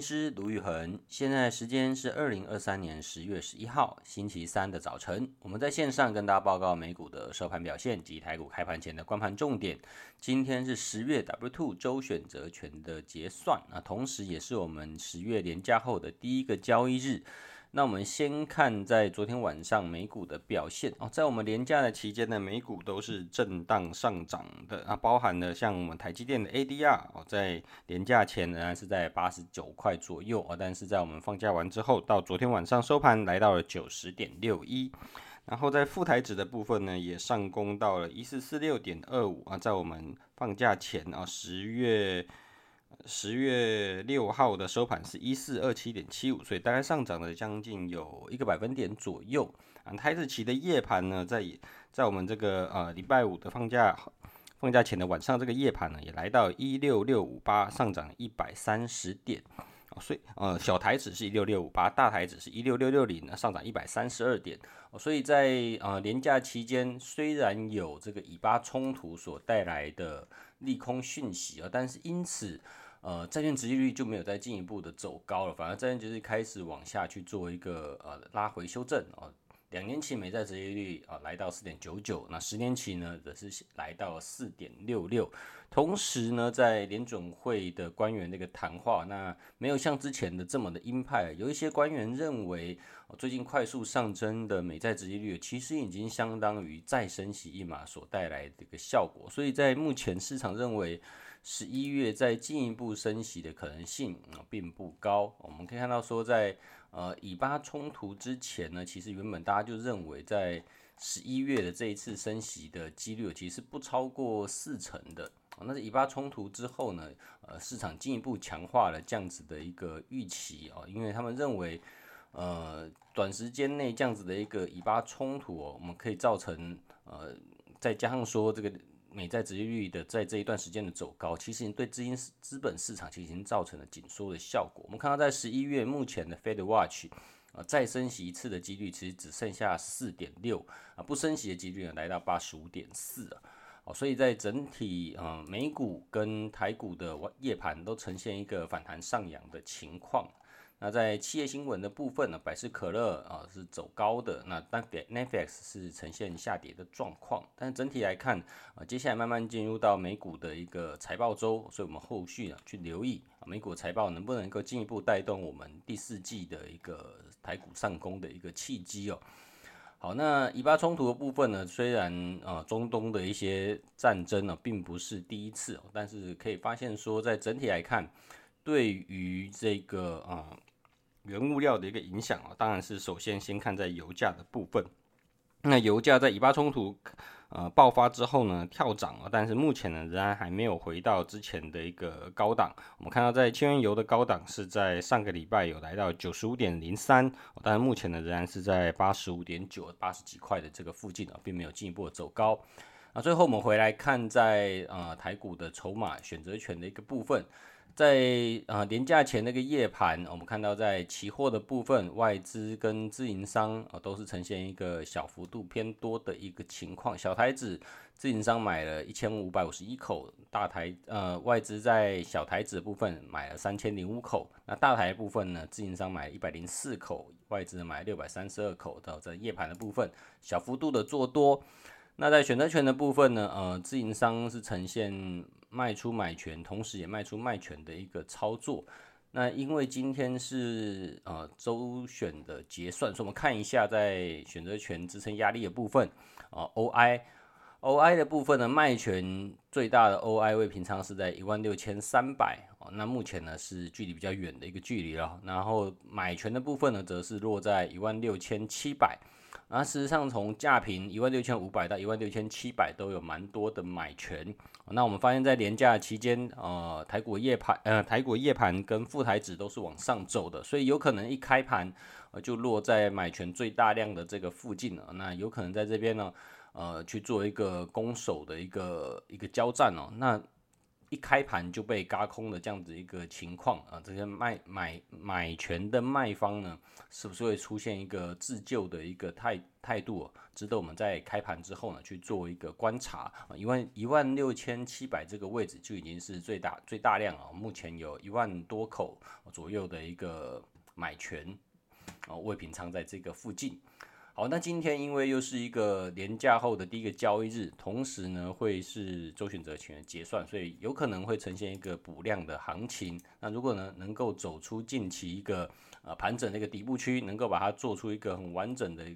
師盧昱衡，現在時間是二零二三年十月十一號星期三的早晨，我們在線上跟大家報告美股的收盤表現及台股開盤前的觀盤重點。今天是十月 W Two 週選擇權的結算啊，那同時也是我們十月連假後的第一個交易日。那我們先看在昨天晚上美股的表現哦，在我們連假的期間呢，美股都是震盪上漲的啊，包含了像我們台積電的 ADR，哦，在連假前仍然是在八十九塊左右，哦，但是在我們放假完之後，到昨天晚上收盤來到了九十點六一，然後在富台指的部分呢，也上攻到了一四四六點二五啊，在我們放假前啊，哦，十月。十月六號的收盤是一四二七點七五，所以大概上漲了將近有一個百分點左右啊。台指期的夜盤呢，在也在我們這個呃禮拜五的放假放假前的晚上，這個夜盤呢也來到一六六五八，上漲一百三十點啊。所以呃，小台指是一六六五八，大台指是一六六六零，上漲一百三十二點。所以在呃連假期間，雖然有這個以巴衝突所帶來的，利空訊息啊，但是因此，呃，債券殖利率就沒有再進一步的走高了，反而債券就是開始往下去做一個呃拉回修正，呃兩年期美債收益率啊，來到四點九九，那十年期呢，則是來到四點六六。同時呢，在聯總會的官員那個談話，那沒有像之前的這麼的鷹派，啊，有一些官員認為，最近快速上升的美債收益率，其實已經相當於再升息一碼所帶來的一個效果。所以在目前市場認為，十一月再進一步升息的可能性啊，並不高。我們可以看到說，在。呃，以巴衝突之前呢，其實原本大家就認為在十一月的這一次升息的幾率其實是不超過四成的。哦，那是以巴衝突之後呢，呃，市場進一步強化了這樣子的一個預期啊，哦，因為他們認為，呃，短時間內這樣子的一個以巴衝突哦，我們可以造成呃，再加上說這個。美債殖利率的在這一段時間的走高，其實對資金資本市場其實已經造成了緊縮的效果。我們看到，在十一月目前的 Fed Watch，啊、呃、再升息一次的幾率其實只剩下四點六啊，不升息的幾率呢來到八十五點四啊、呃。所以在整體、呃、美股跟台股的夜盤都呈現一個反彈上揚的情況。那在企業新聞的部分呢、啊，百事可樂啊是走高的，那但 Netflix 是呈現下跌的狀況，但整體來看啊，接下來慢慢進入到美股的一個財報週，所以我們後續啊去留意、啊、美股財報能不能夠進一步帶動我們第四季的一個台股上攻的一個契機哦。好，那以巴衝突的部分呢，雖然啊中東的一些戰爭呢、啊、並不是第一次，但是可以發現說在整體來看，對於這個啊。原物料的一個影響啊、哦，當然是首先先看在油價的部分。那油價在以巴衝突呃爆發之後呢，跳漲啊，但是目前呢仍然還沒有回到之前的一個高檔。我們看到在輕原油的高檔是在上個禮拜有來到九十五點零三，但是目前呢仍然是在八十五點九八十幾塊的這個附近啊、哦，並沒有進一步的走高。那、啊、最後我們回來看在呃台股的籌碼選擇權的一個部分。在啊，呃、連假前那個夜盤，我們看到在期貨的部分，外資跟自營商啊、呃、都是呈現一個小幅度偏多的一個情況。小台子自營商買了一千五百五十一口，大台呃外資在小台子的部分買了三千零五口，那大台的部分呢，自營商買一百零四口，外資買六百三十二口。到在夜盤的部分，小幅度的做多。那在選擇權的部分呢，呃，自營商是呈現。賣出買權，同時也賣出賣權的一個操作。那因為今天是呃週選的結算，所以我們看一下在選擇權支撐壓力的部分啊、呃。OI OI 的部分呢，賣權最大的 OI 位平倉是在一萬六千三百哦，那目前呢是距離比較遠的一個距離了。然後買權的部分呢，則是落在一萬六千七百。那、啊、事實上從價平一萬六千五百到一萬六千七百都有蠻多的買權。那我們發現，在連假期間，呃，台股夜盤，呃，台股夜盤跟富台指都是往上走的，所以有可能一開盤、呃、就落在買權最大量的這個附近了。那有可能在這邊呢，呃，去做一個攻守的一個一個交戰哦。那一開盤就被嘎空的這樣子一個情況啊，這些賣買買權的賣方呢，是不是會出現一個自救的一個態態度啊？值得我們在開盤之後呢去做一個觀察啊，因為一萬六千七百這個位置就已經是最大最大量啊，目前有一萬多口左右的一個買權啊未平倉在這個附近。好、oh，那今天因為又是一個連假後的第一個交易日，同時呢會是周選擇權結算，所以有可能會呈現一個補量的行情。那如果呢能夠走出近期一個呃盤整的一個底部區，能夠把它做出一個很完整的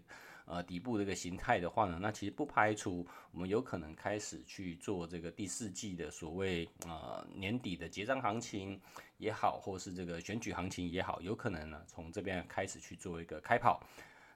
呃底部的一個形態的話呢，那其實不排除我們有可能開始去做這個第四季的所謂呃年底的結賬行情也好，或是這個選舉行情也好，有可能呢從這邊開始去做一個開跑。